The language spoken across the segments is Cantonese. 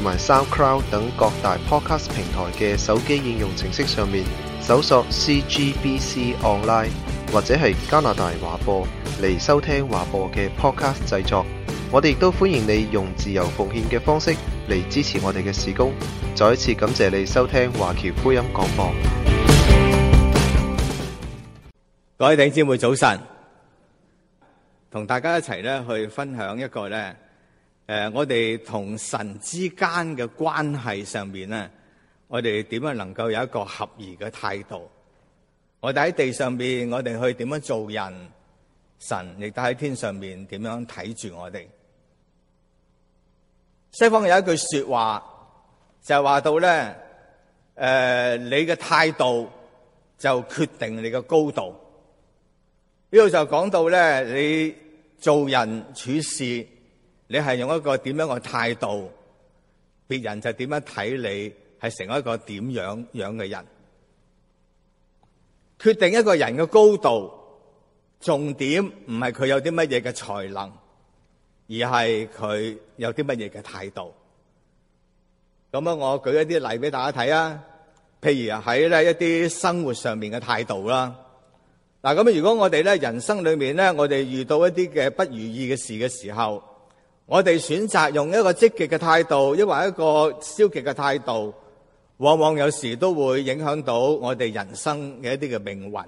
同埋 SoundCloud 等各大 Podcast 平台嘅手機應用程式上面搜索 CGBC Online 或者係加拿大華播嚟，收聽華播嘅 Podcast 製作。我哋亦都歡迎你用自由奉獻嘅方式嚟支持我哋嘅事工。再一次感謝你收聽華僑福音廣播。各位弟兄姊妹早晨，同大家一齊咧去分享一個咧。誒，我哋同神之間嘅關係上面咧，我哋點樣能夠有一個合宜嘅態度？我哋喺地上面，我哋去點樣做人？神亦都喺天上面點樣睇住我哋？西方有一句說話，就係話到咧，誒、呃，你嘅態度就決定你嘅高度。呢度就講到咧，你做人處事。你係用一個點樣嘅態度，別人就點樣睇你，係成一個點樣樣嘅人，決定一個人嘅高度，重點唔係佢有啲乜嘢嘅才能，而係佢有啲乜嘢嘅態度。咁啊，我舉一啲例俾大家睇啊，譬如喺咧一啲生活上面嘅態度啦。嗱，咁如果我哋咧人生裏面咧，我哋遇到一啲嘅不如意嘅事嘅時候。我哋選擇用一個積極嘅態度，抑或一個消極嘅態度，往往有時都會影響到我哋人生嘅一啲嘅命運。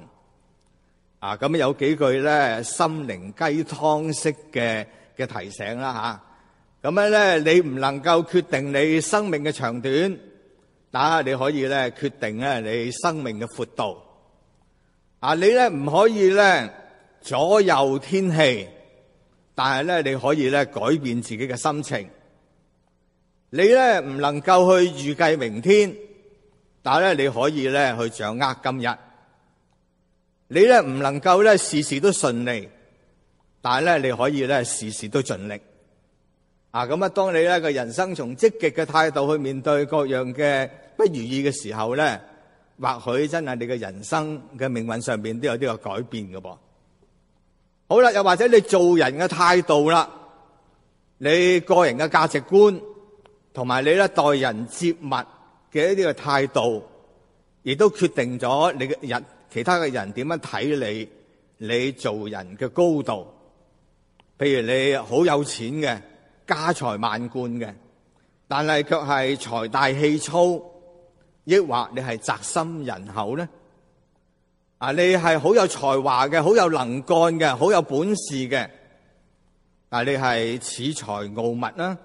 啊，咁有幾句咧心靈雞湯式嘅嘅提醒啦吓。咁樣咧，你唔能夠決定你生命嘅長短，但係你可以咧決定咧你生命嘅闊度。啊，你咧唔可以咧左右天氣。但係咧，你可以咧改變自己嘅心情。你咧唔能夠去預計明天，但係咧你可以咧去掌握今日。你咧唔能夠咧事事都順利，但係咧你可以咧事事都盡力。啊，咁啊，當你咧個人生從積極嘅態度去面對各樣嘅不如意嘅時候咧，或許真係你嘅人生嘅命運上邊都有呢個改變嘅噃。好啦，又或者你做人嘅態度啦，你個人嘅價值觀，同埋你咧待人接物嘅一啲嘅態度，亦都決定咗你嘅人，其他嘅人點樣睇你，你做人嘅高度。譬如你好有錢嘅，家財萬貫嘅，但係卻係財大氣粗，抑或你係宅心仁厚咧？啊！你係好有才華嘅，好有能幹嘅，好有本事嘅。你係恃才傲物啦、啊，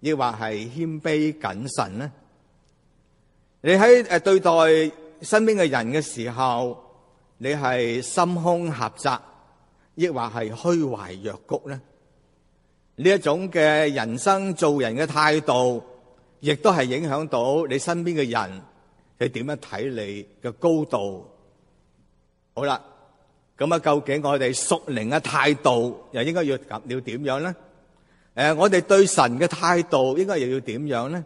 抑或係謙卑謹慎呢？你喺誒對待身邊嘅人嘅時候，你係心胸狹窄，抑或係虛懷若谷咧？呢一種嘅人生做人嘅態度，亦都係影響到你身邊嘅人，你點樣睇你嘅高度？好啦，咁啊，究竟我哋屬靈嘅態度又應該要點要點樣咧？誒，我哋對神嘅態度應該又要點樣咧？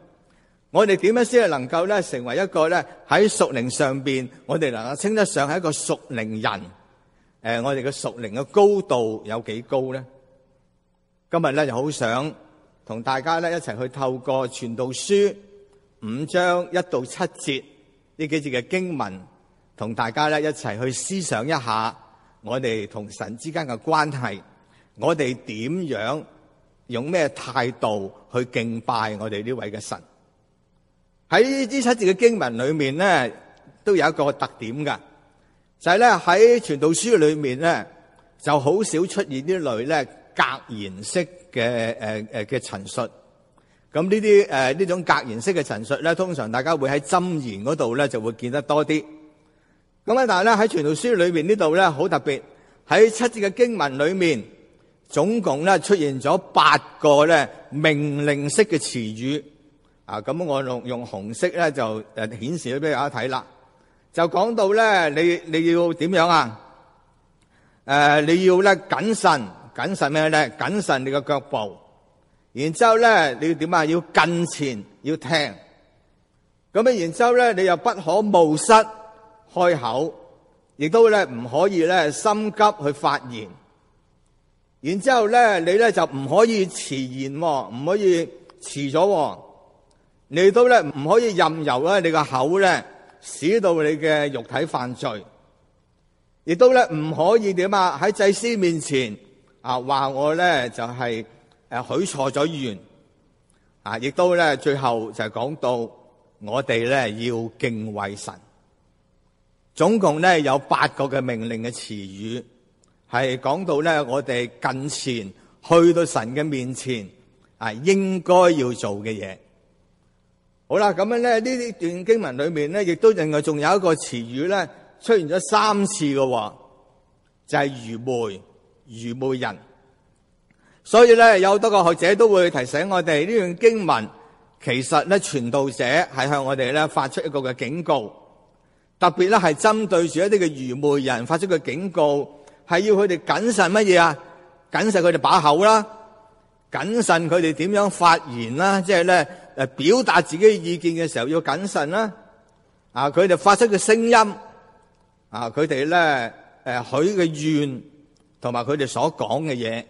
我哋點樣先係能夠咧成為一個咧喺屬靈上邊，我哋能夠稱得上係一個屬靈人？誒，我哋嘅屬靈嘅高度有幾高咧？今日咧就好想同大家咧一齊去透過《傳道書》五章一到七節呢幾節嘅經文。同大家咧一齊去思想一下我，我哋同神之間嘅關係，我哋點樣用咩態度去敬拜我哋呢位嘅神？喺呢七節嘅經文裏面咧，都有一個特點㗎，就係咧喺傳道書裏面咧就好少出現呢類咧格言式嘅誒誒嘅陳述。咁呢啲誒呢種格言式嘅陳述咧，通常大家會喺箴言嗰度咧就會見得多啲。咁咧，但係咧喺《傳道書》裏邊呢度咧，好特別喺七節嘅經文裏面，總共咧出現咗八個咧命令式嘅詞語。啊，咁我用用紅色咧就誒顯示俾大家睇啦。就講到咧，你你要點樣啊？誒，你要咧謹慎，謹慎咩咧？謹慎你嘅腳步。然之後咧，你要點啊？要近前，要聽。咁啊，然之後咧，你又不可冒失。開口，亦都咧唔可以咧心急去發言，然之後咧你咧就唔可以遲延，唔可以遲咗，你都咧唔可以任由咧你個口咧使到你嘅肉體犯罪，亦都咧唔可以點啊，喺祭司面前啊話我咧就係誒許錯咗願，啊亦都咧最後就係講到我哋咧要敬畏神。總共呢，有八個嘅命令嘅詞語，係講到呢，我哋近前，去到神嘅面前，應該要做嘅嘢。好啦,咁樣呢，呢段經文裏面呢,亦都另外仲有一個詞語呢，出現咗三次㗎話,就係愚昧,愚昧人。所以呢，有多個學者都會提醒我哋，呢段經文，其實呢，傳道者，係向我哋呢，發出一個嘅警告,特別咧係針對住一啲嘅愚昧人發出嘅警告，係要佢哋謹慎乜嘢啊？謹慎佢哋把口啦，謹慎佢哋點樣發言啦，即係咧誒表達自己意見嘅時候要謹慎啦。啊，佢哋發出嘅聲音，啊，佢哋咧誒許嘅怨同埋佢哋所講嘅嘢，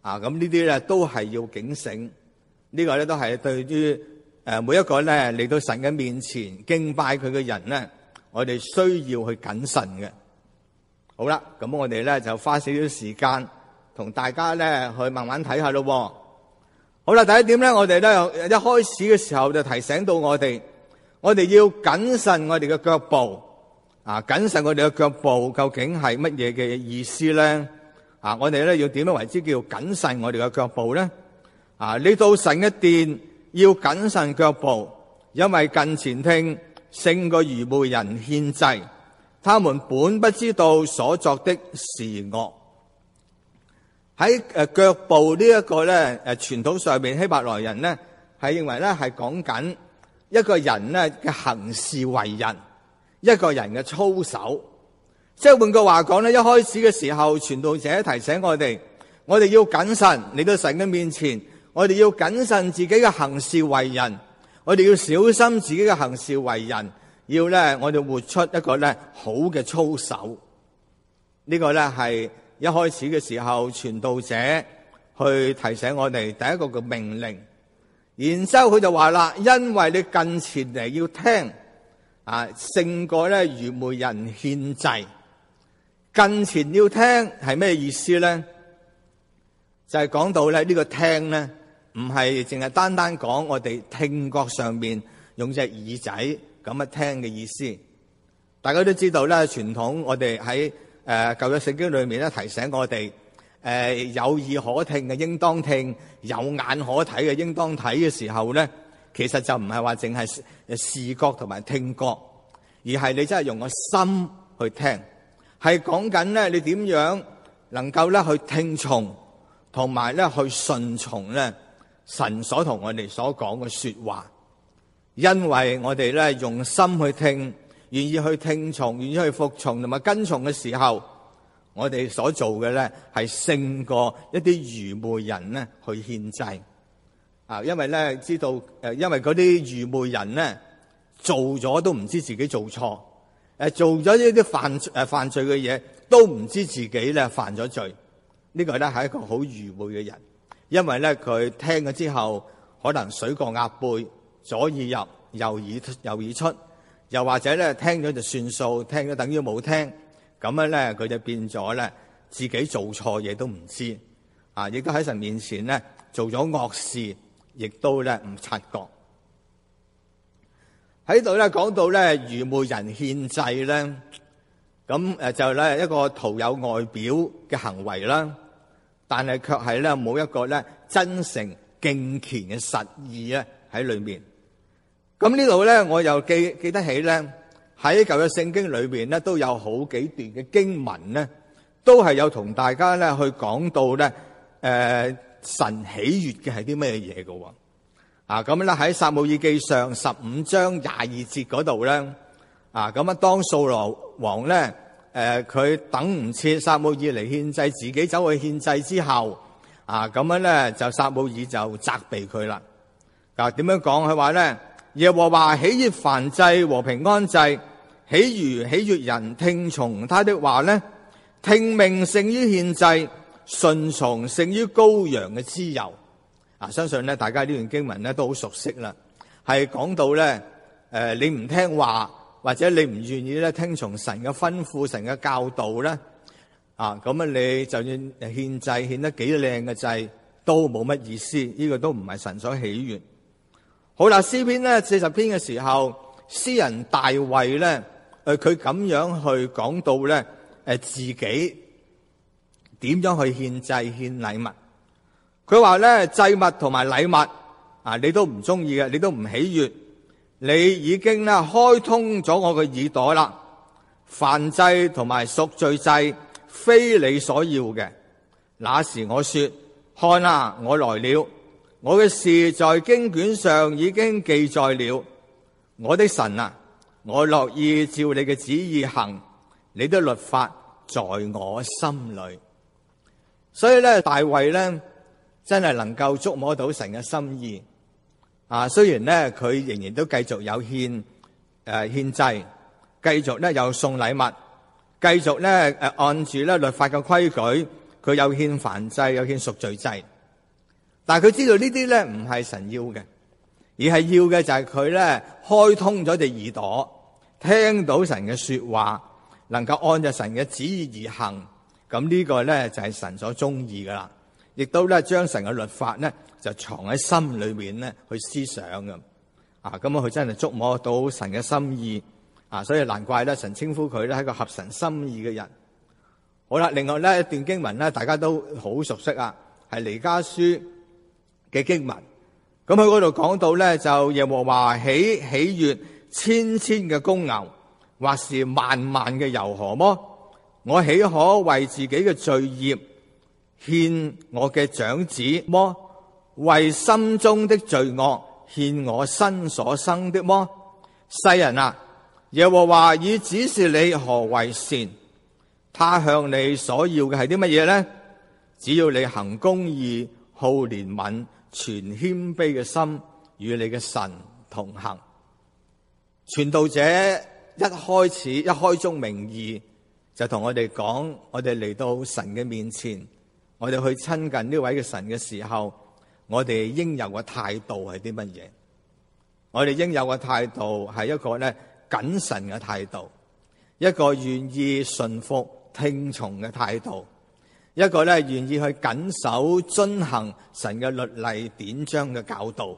啊，咁呢啲咧都係要警醒。呢個咧都係對於誒每一個咧嚟到神嘅面前敬拜佢嘅人咧。我哋需要去謹慎嘅，好啦，咁我哋咧就花少少時間同大家咧去慢慢睇下咯。好啦，第一點咧，我哋咧由一開始嘅時候就提醒到我哋，我哋要謹慎我哋嘅腳步，啊，謹慎我哋嘅腳步究竟係乜嘢嘅意思咧？啊，我哋咧要點樣為之叫謹慎我哋嘅腳步咧？啊，你到神嘅殿要謹慎腳步，因為近前聽，勝過愚昧人獻祭，他們本不知道所作的是惡。喺誒腳步呢一個咧誒傳統上面，希伯來人呢係認為咧係講緊一個人咧嘅行事為人，一個人嘅操守。即係換句話講咧，一開始嘅時候，傳道者提醒我哋，我哋要謹慎嚟到神嘅面前，我哋要謹慎自己嘅行事為人。我哋要小心自己嘅行事為人，要咧我哋活出一個咧好嘅操守。呢個咧係一開始嘅時候，傳道者去提醒我哋第一個嘅命令。然之後佢就話啦：因為你近前嚟要聽，啊，勝過咧愚昧人獻祭。近前要聽係咩意思咧？就係講到咧呢個聽咧。唔係淨係單單講我哋聽覺上面用隻耳仔咁啊聽嘅意思。大家都知道咧，傳統我哋喺誒舊約聖經裏面咧提醒我哋誒有耳可聽嘅，應當聽；有眼可睇嘅，應當睇嘅時候咧，其實就唔係話淨係視覺同埋聽覺，而係你真係用個心去聽。係講緊咧，你點樣能夠咧去聽從同埋咧去順從咧？神所同我哋所講嘅說話，因為我哋咧用心去聽，願意去聽從，願意去服從同埋跟從嘅時候，我哋所做嘅咧係勝過一啲愚昧人咧去獻祭啊！因為咧知道誒，因為嗰啲愚昧人咧做咗都唔知自己做錯，誒做咗一啲犯誒犯罪嘅嘢都唔知自己咧犯咗罪，呢個咧係一個好愚昧嘅人。因為咧佢聽咗之後，可能水過鴨背，左耳入右耳，右耳出，又或者咧聽咗就算數，聽咗等於冇聽，咁樣咧佢就變咗咧自己做錯嘢都唔知，啊，亦都喺神面前咧做咗惡事，亦都咧唔察覺。喺度咧講到咧愚昧人獻祭咧，咁誒就咧一個徒有外表嘅行為啦。但係卻係咧冇一個咧真誠敬虔嘅實意咧喺裏面。咁呢度咧我又記記得起咧喺舊約聖經裏面咧都有好幾段嘅經文咧都係有同大家咧去講到咧誒，神喜悅嘅係啲咩嘢嘅喎，啊，咁啦，喺撒母耳記上十五章廿二節嗰度咧啊，咁啊，當掃羅王咧。誒、呃，佢等唔切，撒母耳嚟獻祭，自己走去獻祭之後，啊，咁樣咧就撒母耳就責備佢啦。嗱、啊，點樣講？佢話咧，耶和華喜悅燔祭和平安祭，豈如喜悅人聽從他的話咧，聽命勝於獻祭，順從勝於羔羊嘅脂油。啊，相信咧，大家呢段經文咧都好熟悉啦，係講到咧，誒、呃，你唔聽話。或者你唔願意咧聽從神嘅吩咐、神嘅教導咧，啊咁啊你就算獻祭獻得幾靚嘅祭都冇乜意思，呢個都唔係神所喜悅。好啦，詩篇咧四十篇嘅時候，詩人大衛咧，誒，佢咁樣去講到咧，誒，自己點樣去獻祭獻禮物，佢話咧祭物同埋禮物啊你都唔中意嘅，你都唔喜悅。你已經咧開通咗我嘅耳朵啦，燔祭同埋贖罪祭，非你所要嘅。那時我說：看啊，我來了，我嘅事在經卷上已經記載了。我的神啊，我樂意照你嘅旨意行，你的律法在我心裏。所以咧，大衛咧，真係能夠觸摸到神嘅心意。啊，雖然咧佢仍然都繼續有獻誒獻祭，繼續咧又送禮物，繼續咧誒按住咧律法嘅規矩，佢有獻燔祭，有獻贖罪祭。但係佢知道呢啲咧唔係神要嘅，而係要嘅就係佢咧開通咗隻耳朵，聽到神嘅說話，能夠按着神嘅旨意而行。咁呢個咧就係神所中意噶啦，亦都咧將神嘅律法咧。就藏喺心裏面咧，去思想咁啊！咁啊，佢真係觸摸到神嘅心意啊！所以難怪咧，神稱呼佢咧係個合神心意嘅人。好啦，另外咧一段經文咧，大家都好熟悉啊，係彌迦書嘅經文。咁佢嗰度講到咧，就耶和華喜喜悅千千嘅公牛，或是萬萬嘅油河麼？我豈可為自己嘅罪孽獻我嘅長子麼？為心中的罪惡獻我身所生的麼？世人啊，耶和華已指示你何為善，他向你所要嘅係啲乜嘢呢？只要你行公義、好憐憫、存謙卑嘅心，與你嘅神同行。傳道者一開始，一開宗明義就同我哋講：我哋嚟到神嘅面前，我哋去親近呢位嘅神嘅時候。我哋應有嘅態度係啲乜嘢？我哋應有嘅態度係一個咧謹慎嘅態度，一個願意順服、聽從嘅態度，一個咧願意去謹守、遵行神嘅律例、典章嘅教導。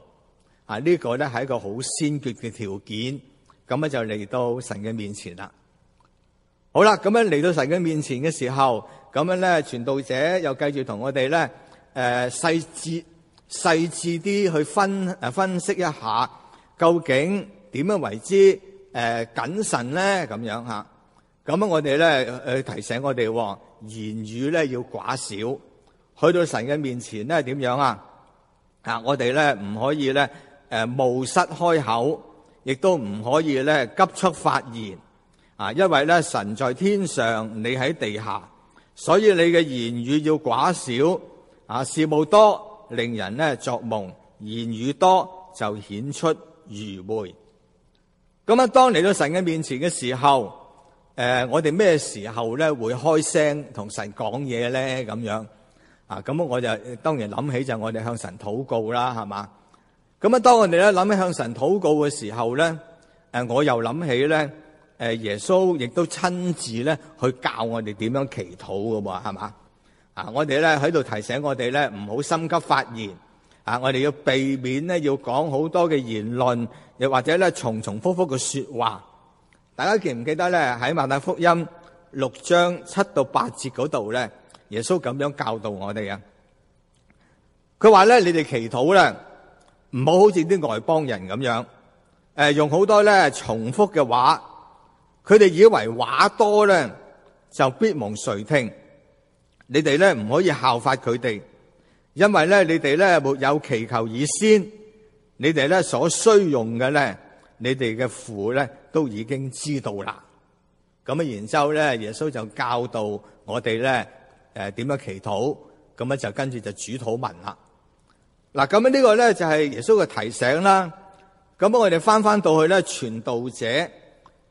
啊，這個、呢個咧係一個好先決嘅條件。咁就嚟到神嘅面前啦。好啦，咁樣嚟到神嘅面前嘅時候，咁樣咧傳道者又繼續同我哋咧誒細節。細緻啲去分分析一下，究竟點樣為之誒、呃、謹慎咧？咁樣嚇咁我哋咧提醒我哋，言語咧要寡少，去到神嘅面前咧點樣啊？啊，我哋咧唔可以咧誒冒失開口，亦都唔可以咧急速發言啊！因為咧神在天上，你喺地下，所以你嘅言語要寡少啊，事務多。令人咧作夢，言語多就顯出愚昧。咁啊，當嚟到神嘅面前嘅時候，誒，我哋咩時候咧會開聲同神講嘢咧？咁樣啊，咁啊，我就當然諗起就係我哋向神禱告啦，係嘛？咁啊，當我哋咧諗起向神禱告嘅時候咧，誒，我又諗起咧，誒，耶穌亦都親自咧去教我哋點樣祈禱㗎嘛，係嘛？啊！我哋咧喺度提醒我哋咧，唔好心急發言。啊！我哋要避免咧，要講好多嘅言論，又或者咧，重重復復嘅說話。大家記唔記得咧？喺《馬太福音》六章七到八節嗰度咧，耶穌咁樣教導我哋啊！佢話咧，你哋祈禱咧，唔好好似啲外邦人咁樣，誒，用好多咧重複嘅話，佢哋以為話多咧，就必蒙垂聽。你哋咧唔可以效法佢哋，因為咧你哋咧沒有祈求以先，你哋咧所需用嘅咧，你哋嘅父咧都已經知道啦。咁啊，然之後咧，耶穌就教導我哋咧，誒點樣祈禱，咁啊就跟住就主禱文啦。嗱，咁啊呢個咧就係耶穌嘅提醒啦。咁我哋翻翻到去咧，傳道者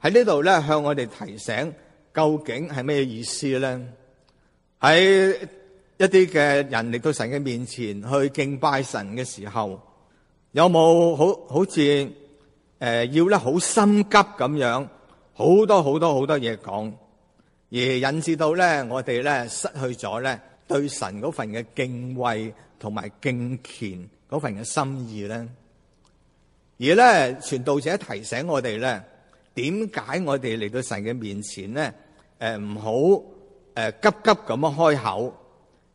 喺呢度咧向我哋提醒，究竟係咩意思咧？喺一啲嘅人嚟到神嘅面前去敬拜神嘅時候，有冇好好似誒要咧好心急咁樣，好多好多好多嘢講，而引致到咧我哋咧失去咗咧對神嗰份嘅敬畏同埋敬虔嗰份嘅心意咧。而咧傳道者提醒我哋咧，點解我哋嚟到神嘅面前咧？誒，唔好。誒，急急咁樣開口，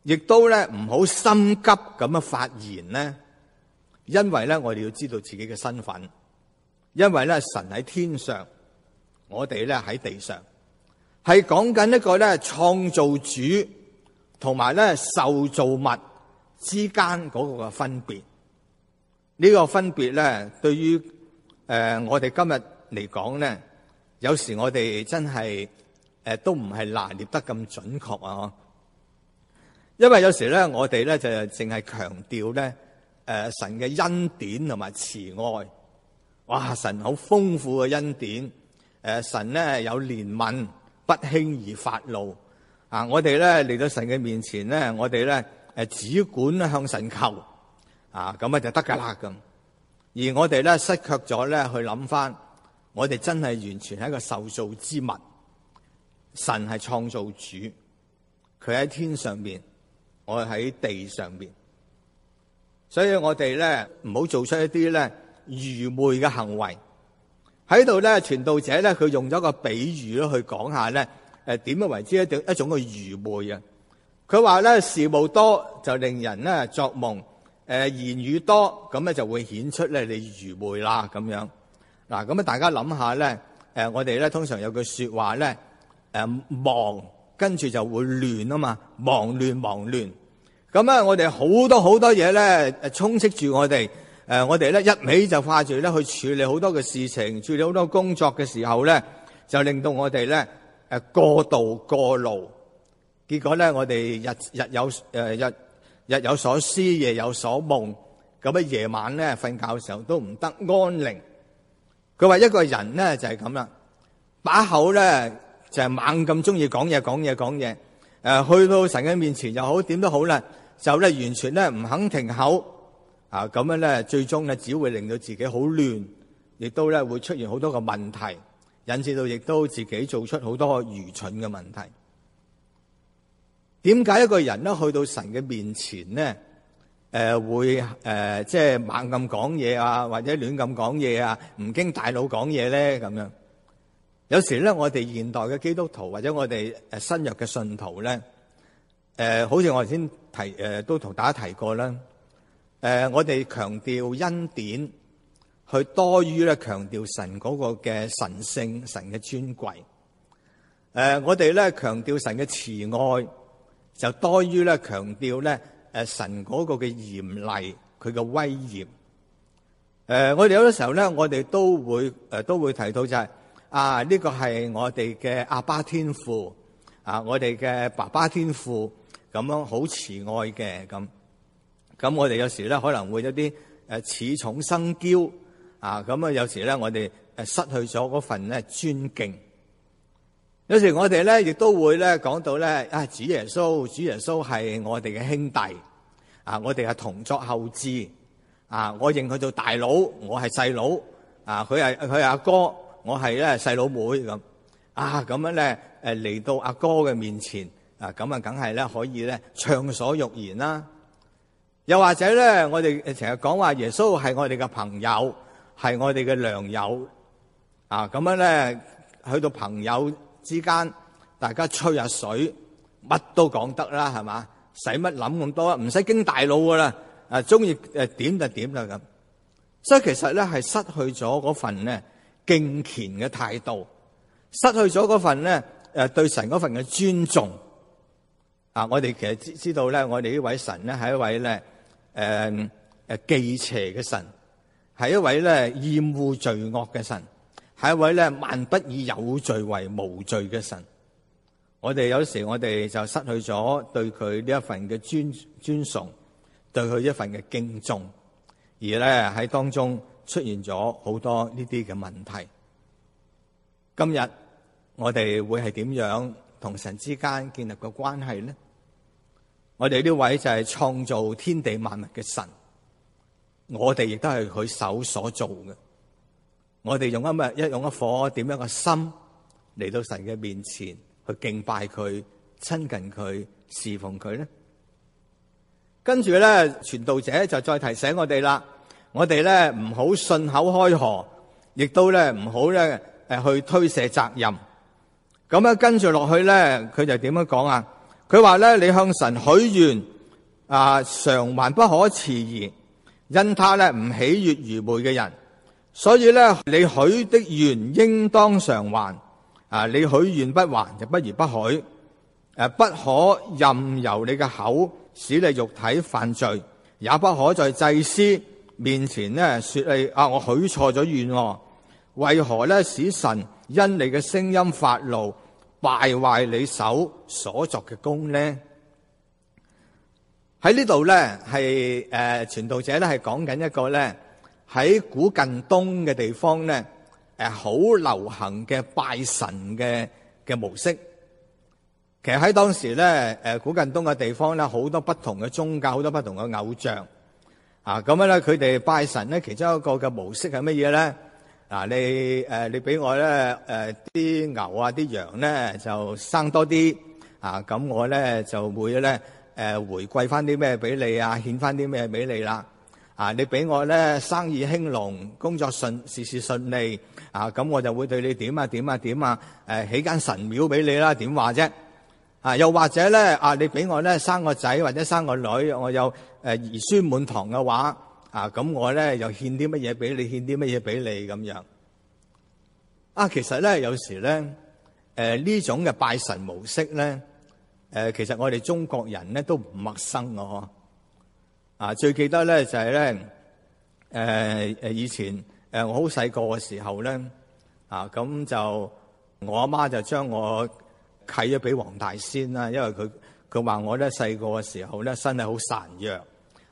亦都咧唔好心急咁樣發言咧，因為咧我哋要知道自己嘅身份，因為咧神喺天上，我哋咧喺地上，係講緊一個咧創造主同埋咧受造物之間嗰個嘅分別。呢個分別咧，對於誒我哋今日嚟講咧，有時我哋真係。誒，都唔係拿捏得咁準確啊！因為有時咧，我哋咧就淨係強調咧，誒，神嘅恩典同埋慈愛。哇，神好豐富嘅恩典。誒，神咧有憐憫，不輕易發怒。啊，我哋咧嚟到神嘅面前咧，我哋咧誒只管向神求。啊，咁啊就得噶啦咁。而我哋咧失卻咗咧去諗翻，我哋真係完全係一個受造之物。神係創造主，佢喺天上邊，我喺地上邊，所以我哋咧唔好做出一啲咧愚昧嘅行為，喺度咧傳道者咧佢用咗個比喻咧去講一下咧，誒、呃、點樣為之咧一種嘅愚昧啊！佢話咧事務多就令人咧作夢，誒、呃、言語多咁咧就會顯出咧你愚昧啦咁樣。嗱咁啊大家諗下咧，誒、呃、我哋咧通常有句說話咧。呃，忙，跟住就會亂，就係猛咁中意講嘢講嘢講嘢，誒去到神嘅面前又好，點都好啦，就咧完全咧唔肯停口，啊咁樣咧最終咧只會令到自己好亂，亦都咧會出現好多個問題，引致到亦都自己做出好多愚蠢嘅問題。點解一個人咧去到神嘅面前咧，誒會誒即係猛咁講嘢啊，或者亂咁講嘢啊，唔經大腦講嘢咧咁樣？有時咧，我哋現代嘅基督徒或者我哋誒新約嘅信徒咧，誒、呃、好似我頭先提誒、呃、都同大家提過啦。誒、呃，我哋強調恩典，去多於咧強調神嗰個嘅神性、神嘅尊貴。誒、呃，我哋咧強調神嘅慈愛，就多於咧強調咧誒、呃、神嗰個嘅嚴厲、佢嘅威嚴。誒、呃，我哋有啲時候咧，我哋都會誒、呃、都會提到就係、是。啊！呢、這個係我哋嘅阿爸天父啊，我哋嘅爸爸天父咁樣、啊、好慈愛嘅咁。咁、啊、我哋有時咧可能會有啲誒恃寵生嬌啊。咁啊，啊有時咧我哋誒失去咗嗰份咧尊敬。有時我哋咧亦都會咧講到咧啊，主耶穌，主耶穌係我哋嘅兄弟啊，我哋係同作後嗣。」啊，我認佢做大佬，我係細佬啊，佢係佢係阿哥。我係咧細佬妹咁，啊咁樣咧，誒嚟到阿哥嘅面前，啊咁啊，梗係咧可以咧暢所欲言啦。又或者咧，我哋成日講話耶穌係我哋嘅朋友，係我哋嘅良友，啊咁樣咧去到朋友之間，大家吹下水，乜都講得啦，係嘛？使乜諗咁多啊？唔使經大腦噶啦，啊中意誒點就點啦咁。所以其實咧係失去咗嗰份咧。敬虔嘅態度，失去咗嗰份，對神嗰份嘅尊重。我哋其實知知道呢，我哋呢位神呢，係一位呢，呃，忌邪嘅神，係一位呢，厭惡罪惡嘅神，係一位呢，出現咗好多呢啲嘅問題。今日,我哋會係點樣同神之間建立個關係呢?我哋呢位就係創造天地萬物嘅神。我哋亦都係祂手所做嘅。我哋用一咩,一用一顆,點樣個心,嚟到神嘅面前,去敬拜祂,親近祂,侍奉祂呢?跟住呢,傳道者就再提醒我哋啦。我哋咧唔好信口開河，亦都咧唔好咧誒去推卸責任。咁咧跟住落去咧，佢就點樣講啊？佢話咧你向神許願啊，償還不可遲延，因他咧唔喜悅愚昧嘅人。所以咧你許的願應當償還啊！你許願不還，就不如不許誒。不可任由你嘅口使你肉體犯罪，也不可在祭司面前咧說你啊，我許錯咗願，為何咧使神因你嘅聲音發怒，敗壞你手所作嘅工咧？喺呢度咧係誒傳道者咧係講緊一個咧喺古近東嘅地方咧誒好流行嘅拜神嘅嘅模式。其實喺當時咧誒古近東嘅地方咧好多不同嘅宗教，好多不同嘅偶像。啊，咁樣咧，佢哋拜神咧，其中一個嘅模式係乜嘢咧？嗱，你誒，你俾我咧，誒，啲牛啊，啲羊咧，就生多啲，啊，咁我咧就會咧，誒，回饋翻啲咩俾你啊，獻翻啲咩俾你啦，啊，你俾我咧生意興隆，工作順，事事順利，啊，咁我就會對你點啊，點啊，點啊，誒，起間神廟俾你啦，點話啫？啊，又或者咧，啊，你俾我咧生個仔或者生個女，我有誒兒孫滿堂嘅話，啊，咁我咧又獻啲乜嘢俾你，獻啲乜嘢俾你咁樣。啊，其實咧有時咧，誒呢種嘅拜神模式咧，誒其實我哋中國人咧都唔陌生嘅啊，最記得咧就係咧，誒誒以前誒我好細個嘅時候咧，啊咁就我阿媽就將我。契咗俾黃大仙啦，因為佢佢話我咧細個嘅時候咧身體好孱弱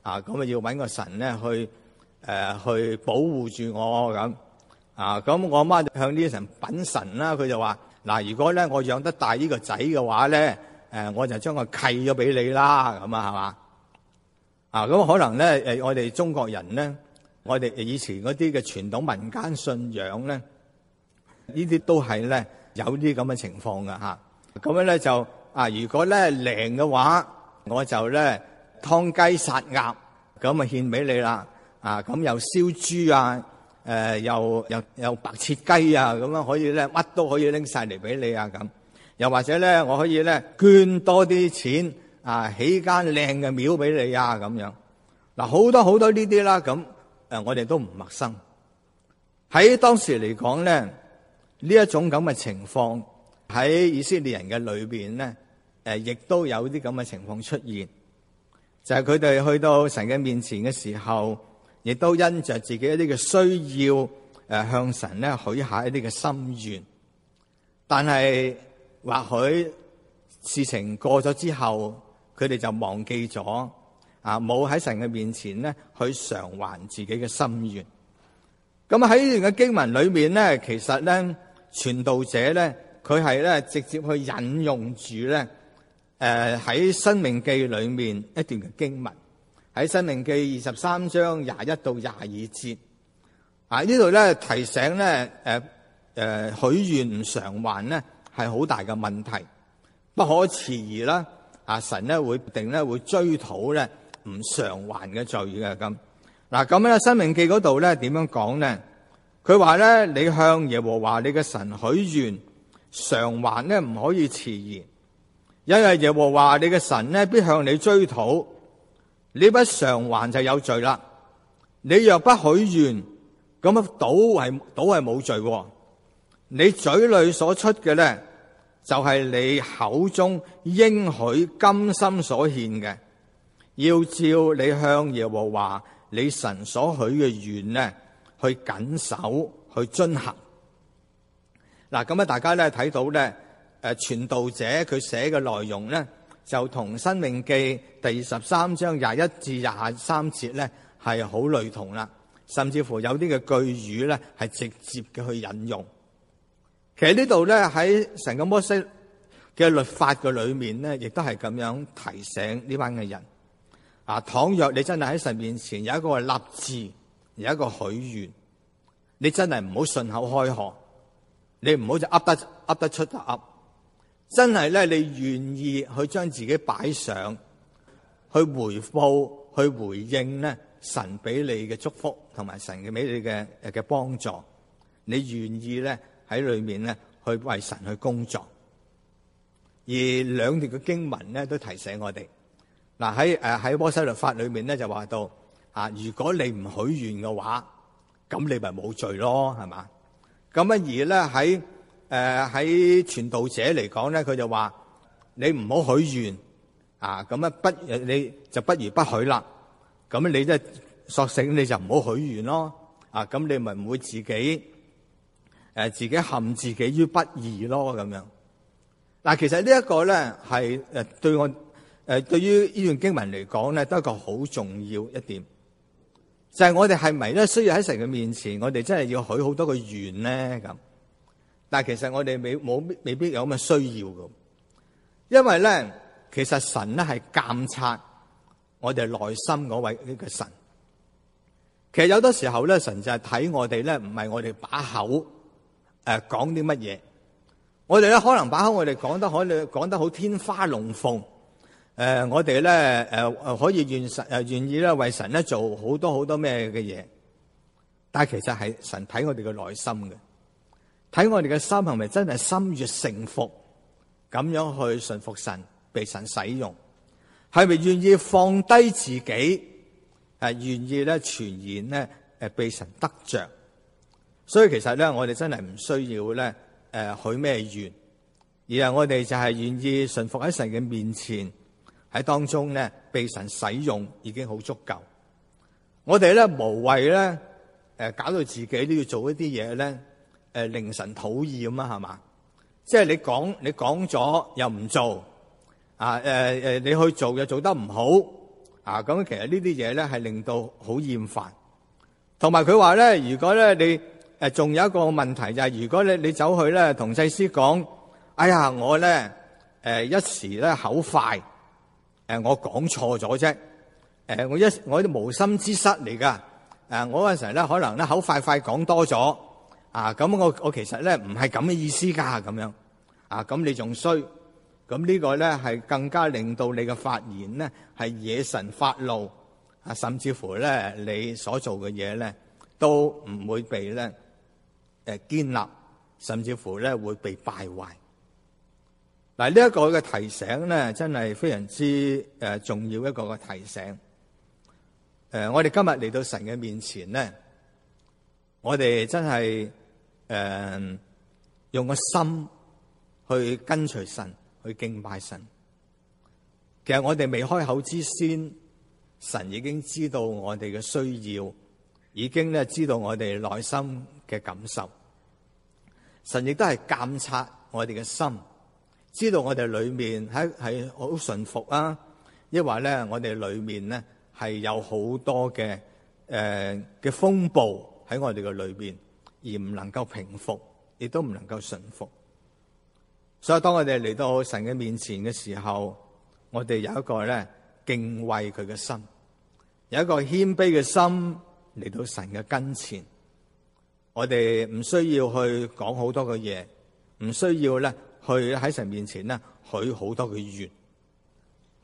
啊，咁啊要揾個神咧去誒去保護住我咁啊，咁我阿媽就向呢啲神稟神啦，佢就話嗱，如果咧我養得大呢個仔嘅話咧，誒我就將佢契咗俾你啦，咁啊係嘛啊，咁可能咧誒我哋中國人咧，我哋以前嗰啲嘅傳統民間信仰咧，呢啲都係咧有啲咁嘅情況噶吓。咁樣咧就啊，如果咧靚嘅話，我就咧劏雞殺鴨，咁啊獻俾你啦。啊，咁又燒豬啊，誒、呃，又又又白切雞啊，咁樣可以咧，乜都可以拎晒嚟俾你啊。咁，又或者咧，我可以咧捐多啲錢啊，起間靚嘅廟俾你啊。咁樣嗱，好多好多呢啲啦。咁誒，我哋都唔陌生。喺當時嚟講咧，呢一種咁嘅情況。喺以色列人嘅裏邊咧，誒，亦都有啲咁嘅情況出現，就係佢哋去到神嘅面前嘅時候，亦都因着自己一啲嘅需要，誒，向神咧許下一啲嘅心願。但係或許事情過咗之後，佢哋就忘記咗啊，冇喺神嘅面前咧去償還自己嘅心願。咁喺呢段嘅經文裏面咧，其實咧傳道者咧。佢係咧直接去引用住咧，誒喺《申命記》裏面一段嘅經文，喺《申命記》二十三章廿一到廿二節啊呢度，咧提醒，咧誒誒許願唔償還咧係好大嘅問題，不可遲疑啦。啊神咧會定咧會追討咧唔償還嘅罪嘅。咁嗱咁咧《申命記》嗰度咧點樣講咧？佢話咧你向耶和華你嘅神許願。償還呢，唔可以遲延，因為耶和華你嘅神呢，必向你追討，你不償還就有罪啦。你若不許願，咁啊，倒係倒係冇罪。你嘴裏所出嘅呢，就係、是、你口中應許甘心所獻嘅,要照你向耶和華你神所許嘅願呢，去謹守去遵行。嗱咁啊！大家咧睇到咧，誒傳道者佢寫嘅內容咧，就同《申命記》第二十三章廿一至廿三節咧係好類同啦，甚至乎有啲嘅句語咧係直接嘅去引用。其實呢度咧喺成個摩西嘅律法嘅裏面咧，亦都係咁樣提醒呢班嘅人。啊，倘若你真係喺神面前有一個立志，有一個許願，你真係唔好順口開河。你唔好就噏得噏得出就噏，真係咧，你願意去將自己擺上去回報、去回應咧神俾你嘅祝福，同埋神嘅俾你嘅嘅幫助，你願意咧喺裏面咧去為神去工作。而兩段嘅經文咧都提醒我哋，嗱喺誒喺摩西律法裏面咧就話到啊，如果你唔許願嘅話，咁你咪冇罪咯，係嘛？咁啊，而咧喺誒喺傳道者嚟講咧，佢就話你唔好許願啊！咁啊，不你就不如不許啦。咁啊，你即係索性你就唔好許願咯。啊，咁你咪唔會自己誒自己陷自己於不義咯。咁樣嗱，其實呢一個咧係誒對我誒對於呢段經文嚟講咧，都係一個好重要一點。就係、是，我哋係咪咧需要喺神嘅面前，我哋真係要許好多個願咧咁？但係其實我哋未冇未必有咁嘅需要噶，因為咧其實神咧係監察我哋內心嗰位呢個神。其實有好多時候咧，神就係睇我哋咧，唔係我哋把口誒講啲乜嘢，我哋咧可能把口我哋講得好，講得好天花龍鳳。誒、呃，我哋咧誒誒，可以願誒願意咧為神咧做好多好多咩嘅嘢，但係其實係神睇我哋嘅內心嘅，睇我哋嘅心係咪真係心悅誠服，咁樣去順服神，被神使用，係咪願意放低自己，誒、呃、願意咧傳言呢誒被神得着？所以其實咧，我哋真係唔需要咧誒許咩願，而係我哋就係願意順服喺神嘅面前。喺當中咧，被神使用已經好足夠。我哋咧無謂咧，誒搞到自己都要做一啲嘢咧，誒令神討厭啊，係嘛？即係你講你講咗又唔做啊？誒誒，你去做又做得唔好啊？咁其實呢啲嘢咧係令到好厭煩。同埋佢話咧，如果咧你誒仲有一個問題就係，如果你你走去咧同祭司講，哎呀我咧誒一時咧口快。誒，我講錯咗啫。誒，我一我啲無心之失嚟噶。誒，我嗰陣時咧，可能咧口快快講多咗。啊，咁我我其實咧唔係咁嘅意思噶，咁樣。啊，咁你仲衰。咁呢個咧係更加令到你嘅發言咧係惹神發怒。啊，甚至乎咧你所做嘅嘢咧都唔會被咧誒建立，甚至乎咧會被敗壞。嗱，呢一個嘅提醒咧，真係非常之誒重要一個嘅提醒。誒，我哋今日嚟到神嘅面前咧，我哋真係誒用個心去跟隨神，去敬拜神。其實我哋未開口之先，神已經知道我哋嘅需要，已經咧知道我哋內心嘅感受。神亦都係監察我哋嘅心。知道我哋裏面喺係好順服啊，抑或咧我哋裏面咧係有好多嘅誒嘅風暴喺我哋嘅裏面，而唔能夠平復，亦都唔能夠順服。所以當我哋嚟到神嘅面前嘅時候，我哋有一個咧敬畏佢嘅心，有一個謙卑嘅心嚟到神嘅跟前。我哋唔需要去講好多嘅嘢，唔需要咧。去喺神面前咧許好多嘅願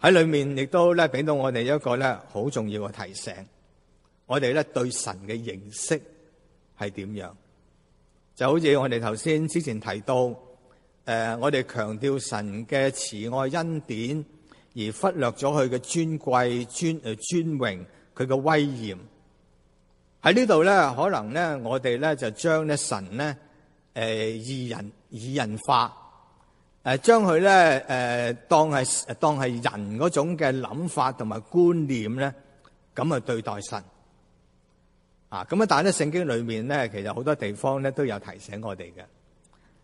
喺裏面，亦都咧俾到我哋一個咧好重要嘅提醒，我哋咧對神嘅認識係點樣？就好似我哋頭先之前提到，誒，我哋強調神嘅慈愛恩典，而忽略咗佢嘅尊貴尊誒尊榮，佢嘅威嚴。喺呢度咧，可能咧我哋咧就將咧神咧誒擬人擬人化。將佢呢，當係，當係人嗰種嘅諗法同埋觀念呢，咁去對待神。咁但係聖經裏面呢，其實好多地方呢，都有提醒我哋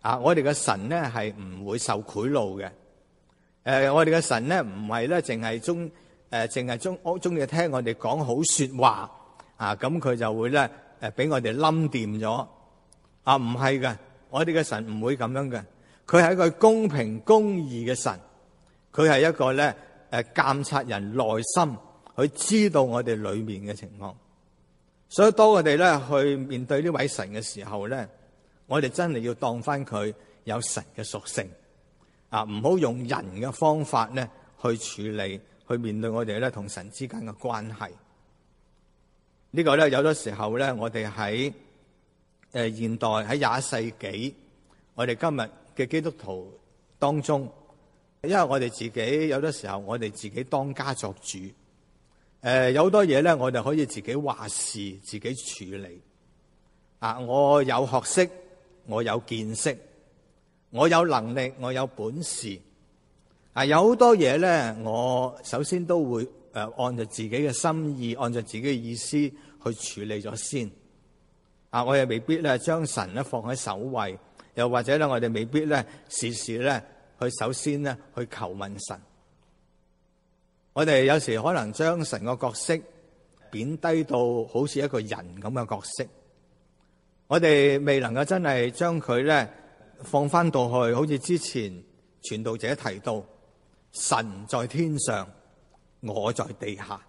嘅。我哋嘅神呢，係唔會受賄賂嘅。我哋嘅神呢，唔係呢，淨係中，淨係中意聽我哋講好說話。咁佢就會呢，俾我哋冧掂咗。唔係嘅，我哋嘅神唔會咁樣嘅。佢係一個公平公義嘅神，佢係一個咧誒，監察人內心，佢知道我哋裏面嘅情況。所以當我哋咧去面對呢位神嘅時候咧，我哋真係要當翻佢有神嘅屬性啊，唔好用人嘅方法咧去處理去面對我哋咧同神之間嘅關係。這個，呢個咧有啲時候咧，我哋喺誒現代喺廿一世紀，我哋今日。嘅基督徒，當中，因為我哋自己有啲時候我哋自己當家作主，有好多嘢咧，我哋可以自己話事，自己處理。我有學識，我有見識，我有能力，我有本事。有好多嘢咧，我首先都會按照自己嘅心意，按照自己嘅意思去處理咗先。我又未必咧，將神咧放喺首位。又或者咧，我哋未必咧，事事咧去首先咧去求問神。我哋有時可能將神個角色貶低到好似一個人咁嘅角色。我哋未能夠真係將佢咧放翻到去，好似之前傳道者提到，神在天上，我在地下。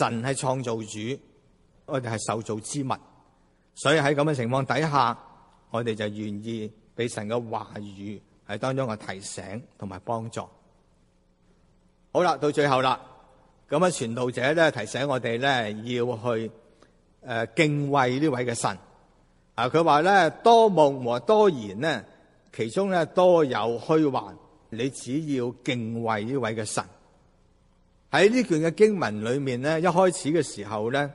神係創造主，我哋係受造之物，所以喺咁嘅情況底下。我哋就願意俾神嘅話語喺當中嘅提醒同埋幫助。好啦，到最後啦，咁啊傳道者咧提醒我哋咧要去誒敬畏呢位嘅神。啊，佢話咧多夢和多言呢，其中咧多有虛幻。你只要敬畏呢位嘅神。喺呢段嘅經文裏面咧，一開始嘅時候咧，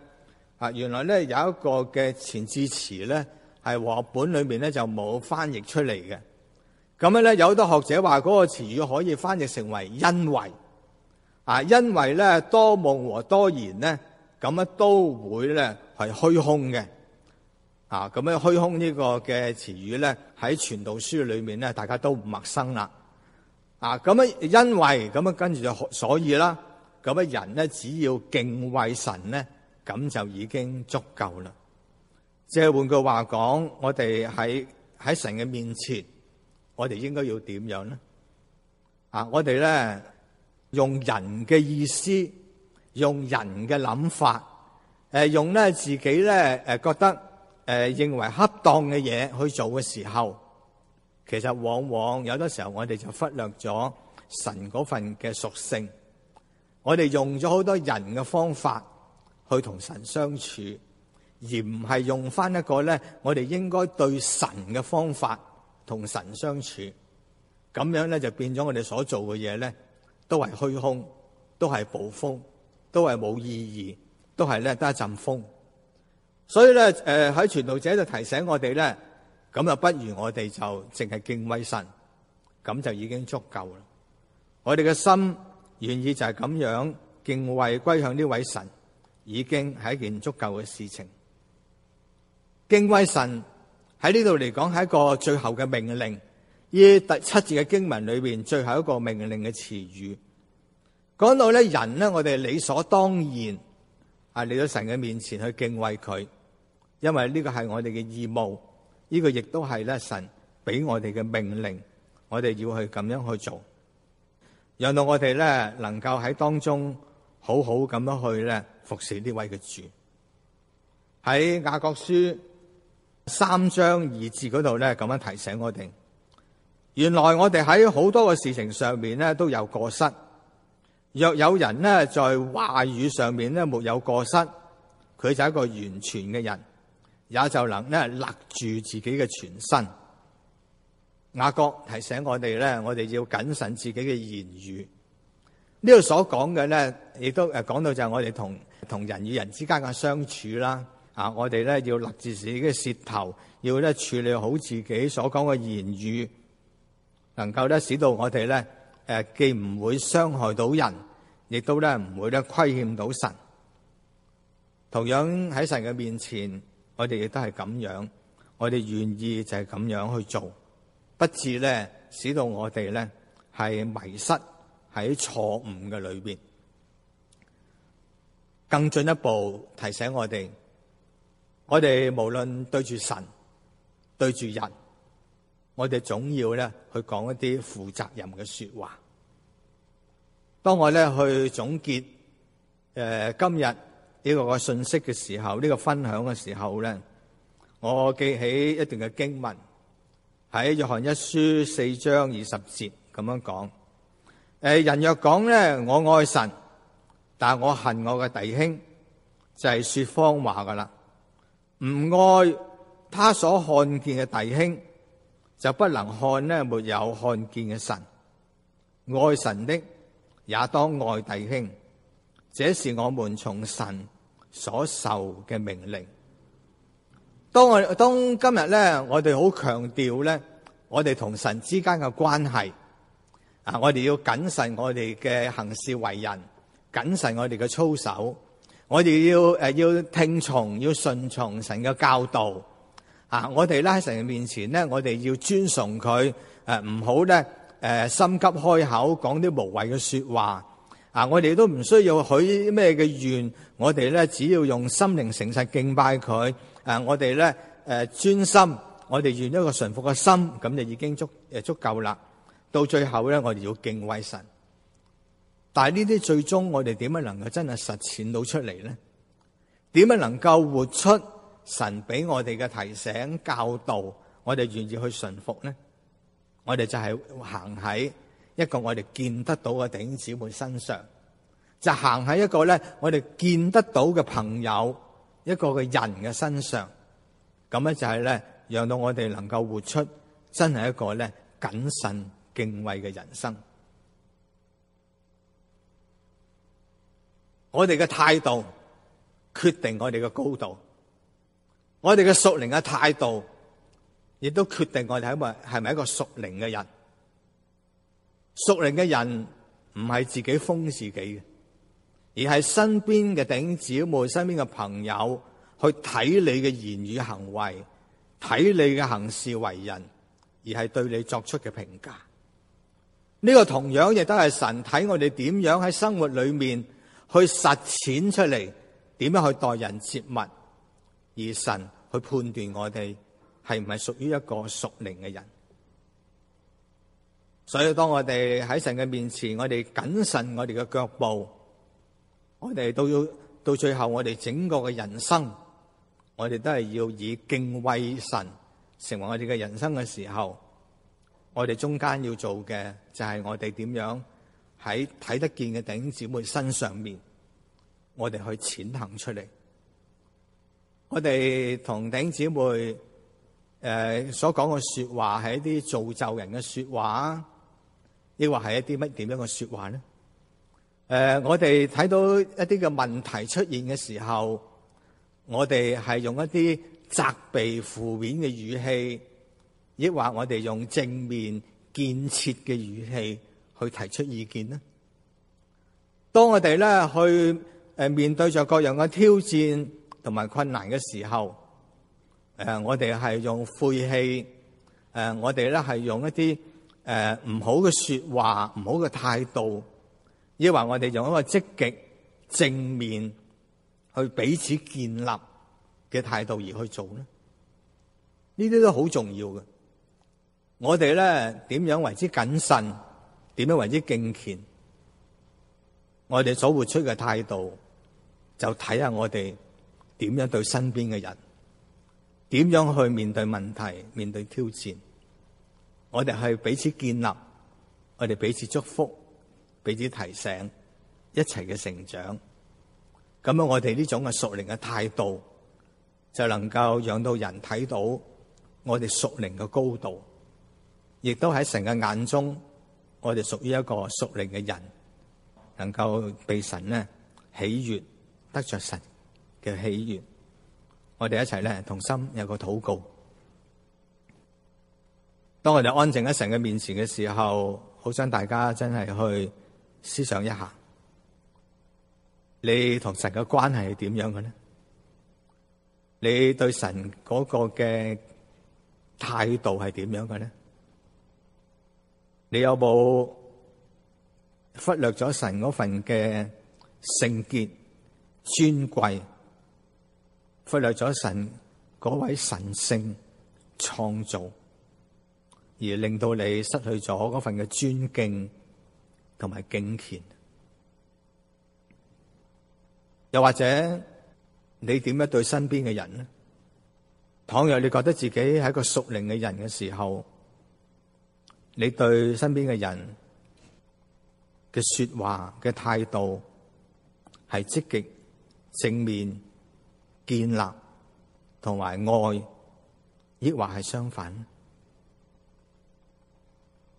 啊原來咧有一個嘅前置詞咧。係和本裏面咧就冇翻譯出嚟嘅，咁樣咧，有好多學者話嗰個詞語可以翻譯成為因為，啊，因為咧多夢和多言咧，咁咧都會咧係虛空嘅，啊，咁樣虛空呢個嘅詞語咧喺傳道書裏面咧大家都唔陌生啦，啊，咁啊因為咁啊跟住就所以啦，咁啊人咧只要敬畏神咧，咁就已經足夠啦。即係換句話講，我哋喺喺神嘅面前，我哋應該要點樣呢？啊，我哋咧用人嘅意思，用人嘅諗法，誒，用咧自己咧誒覺得誒認為恰當嘅嘢去做嘅時候，其實往往有多時候我哋就忽略咗神嗰份嘅屬性，我哋用咗好多人嘅方法去同神相處。而唔係用翻一個咧，我哋應該對神嘅方法同神相處，咁樣咧就變咗我哋所做嘅嘢咧，都係虛空，都係暴風，都係冇意義，都係咧得一陣風。所以咧，誒喺傳道者度提醒我哋咧，咁啊不如我哋就淨係敬畏神，咁就已經足夠啦。我哋嘅心願意就係咁樣敬畏歸向呢位神，已經係一件足夠嘅事情。敬畏神喺呢度嚟講係一個最後嘅命令，依第七節嘅經文裏邊最後一個命令嘅詞語，講到咧人，咧我哋理所當然係嚟到神嘅面前去敬畏佢，因為呢個係我哋嘅義務，呢、這個亦都係咧神俾我哋嘅命令，我哋要去咁樣去做，讓到我哋咧能夠喺當中好好咁樣去咧服侍呢位嘅主，喺雅各書。三章二節嗰度咧，咁樣提醒我哋，原來我哋喺好多嘅事情上面咧都有過失。若有人呢，在話語上面咧沒有過失，佢就係一個完全嘅人，也就能咧勒住自己嘅全身。雅各提醒我哋咧，我哋要謹慎自己嘅言語。呢度所講嘅咧，亦都誒講到就係我哋同同人與人之間嘅相處啦。啊！我哋咧要勒住自，自己嘅舌頭，要咧處理好自己所講嘅言語，能夠咧使到我哋咧誒既唔會傷害到人，亦都咧唔會咧虧欠到神。同樣喺神嘅面前，我哋亦都係咁樣，我哋願意就係咁樣去做，不至咧使到我哋咧係迷失喺錯誤嘅裏邊，更進一步提醒我哋。我哋無論對住神、對住人，我哋總要咧去講一啲負責任嘅說話。當我咧去總結誒今日呢個個信息嘅時候，呢個分享嘅時候咧，我記起一段嘅經文喺約翰一書四章二十節咁樣講。誒，人若講咧，我愛神，但我恨我嘅弟兄，就係說謊話噶啦。唔愛他所看見嘅弟兄，就不能看，呢沒有看見嘅神。愛神的也當愛弟兄，這是我們從神所受嘅命令。當我當今日咧，我哋好強調咧，我哋同神之間嘅關係啊，我哋要謹慎我哋嘅行事為人，謹慎我哋嘅操守。我哋要誒要聽從，要順從神嘅教導啊！我哋咧喺神嘅面前咧，我哋要尊崇佢誒，唔好咧誒心急開口講啲無謂嘅說話啊！我哋都唔需要許咩嘅願，我哋咧只要用心靈誠實敬拜佢誒，我哋咧誒專心，我哋願一個順服嘅心，咁就已經足誒足夠啦。到最後咧，我哋要敬畏神。但係呢啲最終我哋點樣能夠真係實踐到出嚟咧？點樣能夠活出神俾我哋嘅提醒、教導，我哋願意去順服呢？我哋就係行喺一個我哋見得到嘅弟兄姊妹身上，就行喺一個咧我哋見得到嘅朋友，一個嘅人嘅身上，咁咧就係咧讓到我哋能夠活出真係一個咧謹慎敬畏嘅人生。我哋嘅態度決定我哋嘅高度，我哋嘅屬靈嘅態度亦都決定我哋係咪係咪一個屬靈嘅人。屬靈嘅人唔係自己封自己嘅，而係身邊嘅頂姊妹、身邊嘅朋友去睇你嘅言語行為，睇你嘅行事為人，而係對你作出嘅評價。呢個同樣亦都係神睇我哋點樣喺生活裏面去實踐出嚟，喺睇得見嘅頂姊妹身上面，我哋去踐行出嚟。我哋同頂姊妹誒、呃、所講嘅說話係一啲造就人嘅說話，亦或係一啲乜點樣嘅說話咧？誒、呃，我哋睇到一啲嘅問題出現嘅時候，我哋係用一啲責備負面嘅語氣，亦或我哋用正面建設嘅語氣。去提出意見呢。當我哋咧去誒面對着各樣嘅挑戰同埋困難嘅時候，誒我哋係用晦氣，誒我哋咧係用一啲誒唔好嘅說話、唔好嘅態度，抑或我哋用一個積極正面去彼此建立嘅態度而去做咧，呢啲都好重要嘅。我哋咧點樣為之謹慎？點樣為之敬虔？我哋所活出嘅態度，就睇下我哋點樣對身邊嘅人，點樣去面對問題、面對挑戰。我哋係彼此建立，我哋彼此祝福，彼此提醒，一齊嘅成長。咁樣我哋呢種嘅屬靈嘅態度，就能夠讓到人睇到我哋屬靈嘅高度，亦都喺神嘅眼中。我哋屬於一個屬靈嘅人，能夠被神呢喜悅，得著神嘅喜悅。我哋一齊呢，同心，有個禱告。當我哋安靜喺神嘅面前嘅時候，好想大家真係去思想一下，你同神嘅關係係點樣嘅呢？你對神嗰個嘅態度係點樣嘅呢？你有冇忽略咗神嗰份嘅聖潔尊貴？忽略咗神嗰位神聖創造，而令到你失去咗嗰份嘅尊敬同埋敬虔。又或者你點樣對身邊嘅人呢？倘若你覺得自己係一個屬靈嘅人嘅時候。你對身邊嘅人嘅說話嘅態度係積極正面、建立同埋愛，亦或係相反？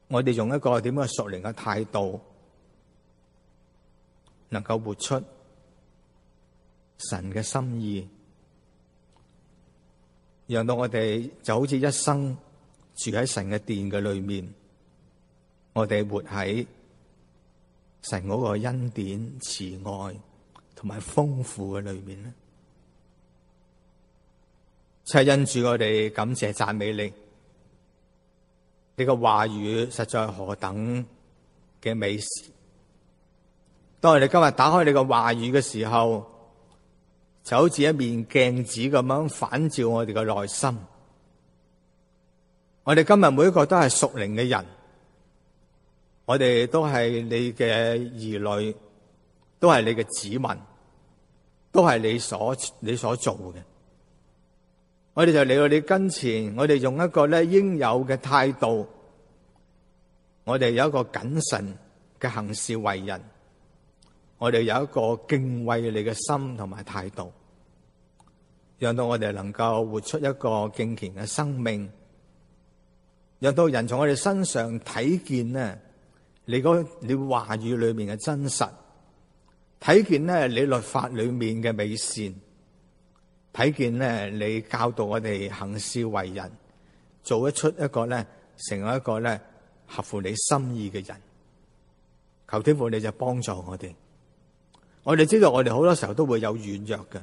我哋用一個點樣嘅熟練嘅態度，能夠活出神嘅心意，讓到我哋就好似一生住喺神嘅殿嘅裏面。我哋活喺神嗰個恩典、慈愛同埋豐富嘅裏面呢，就係因住我哋感謝讚美你，你個話語實在何等嘅美事！當我哋今日打開你個話語嘅時候，就好似一面鏡子咁樣反照我哋嘅內心。我哋今日每一個都係屬靈嘅人。我哋都係你嘅兒女，都係你嘅子民，都係你所你所做嘅。我哋就嚟到你跟前，我哋用一個咧應有嘅態度，我哋有一個謹慎嘅行事為人，我哋有一個敬畏你嘅心同埋態度，讓到我哋能夠活出一個敬虔嘅生命，讓到人從我哋身上睇見呢，你嗰你話語裏面嘅真實，睇見咧你律法裏面嘅美善，睇見咧你教導我哋行事為人，做得出一個咧成為一個咧合乎你心意嘅人。求天父你就幫助我哋。我哋知道我哋好多時候都會有軟弱嘅，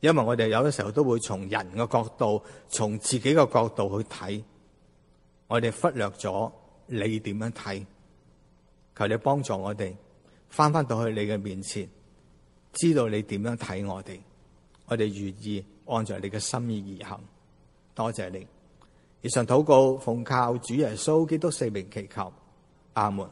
因為我哋有啲時候都會從人嘅角度，從自己嘅角度去睇，我哋忽略咗你點樣睇。求你幫助我哋翻返到去你嘅面前，知道你點樣睇我哋，我哋願意按著你嘅心意而行。多謝你，以上禱告奉靠主耶穌基督聖名祈求，阿門。